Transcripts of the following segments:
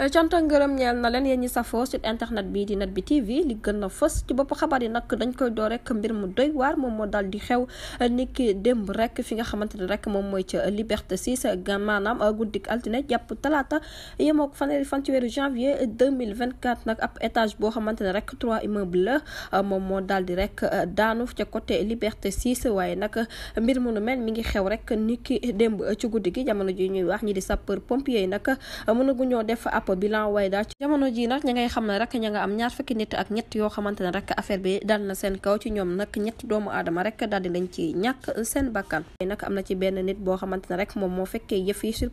Euh, cant ak ngërëm ñeel na leen yéen ñi safoo internet bi di net bi TV li gën a fës ci bopp xabaar yi nag dañ koy doo rek mbir mu doy waar moom moo daal di xew euh, niki démb rek fi nga xamante ne rek moom mooy ca Liberté 6 maanaam euh, guddik altine jàpp talaata yemoo ak fanweeri fan ci weeru janvier 2024 nag ab étage boo xamante ne rek trois immeubles la moom moo daal di rek daanu ca côté Liberté 6 waaye nag mbir mu mi ngi xew rek niki démb ci guddi gi jamono ji ñuy wax ñi di sapeur pompier yi nag mënaguñoo def ab jàpp bilan wayda jamono ji nag ña ngay xam ne rek ña nga am ñaar fukki nit ak ñett yoo xamante ne rek affaire bi dal na seen kaw ci ñoom nag ñett doomu aadama rek daal di nañ ci ñàkk seen bakkan nag am na ci benn nit boo xamante ne rek moom moo fekkee yëf yi sur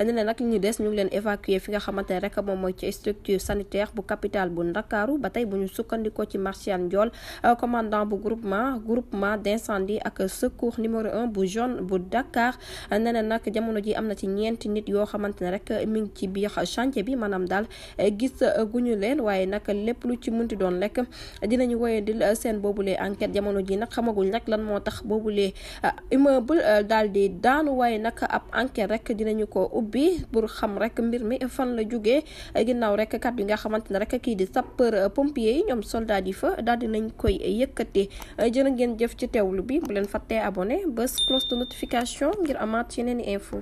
ne ne ñu des ñu ngi leen évacuer fi nga xamante ne rek moom mooy ci structure sanitaire bu capitale bu Ndakaaru ba tey bu ñu sukkandikoo ci Martial Ndiol commandant bu groupement groupement d'incendie ak secours numéro un bu jaune bu Dakar ne ne nag jamono ji am na ci ñeenti nit yoo xamante ne rek mi ngi ci biir chantier chantier bi maanaam daal eh, gis eh, guñu leen waaye nag lépp lu ci munti doon lekk dinañu woyandil eh, seen boobulee enquête jamono ji nag xamaguñ nag lan moo tax boobu boobulee immeuble daal di daanu waaye nag ab enquête rek dinañu ko ubbi pour xam rek mbir mi fan la jógee ginnaaw rek kat yi nga xamante ne rek kii di sapeur pompier yi ñoom soldat yi fa daal di nañ koy yëkkatee jërë ngeen jëf ci teewlu bi mu leen fatte abonné bés cloche de notification ngir amaat yeneen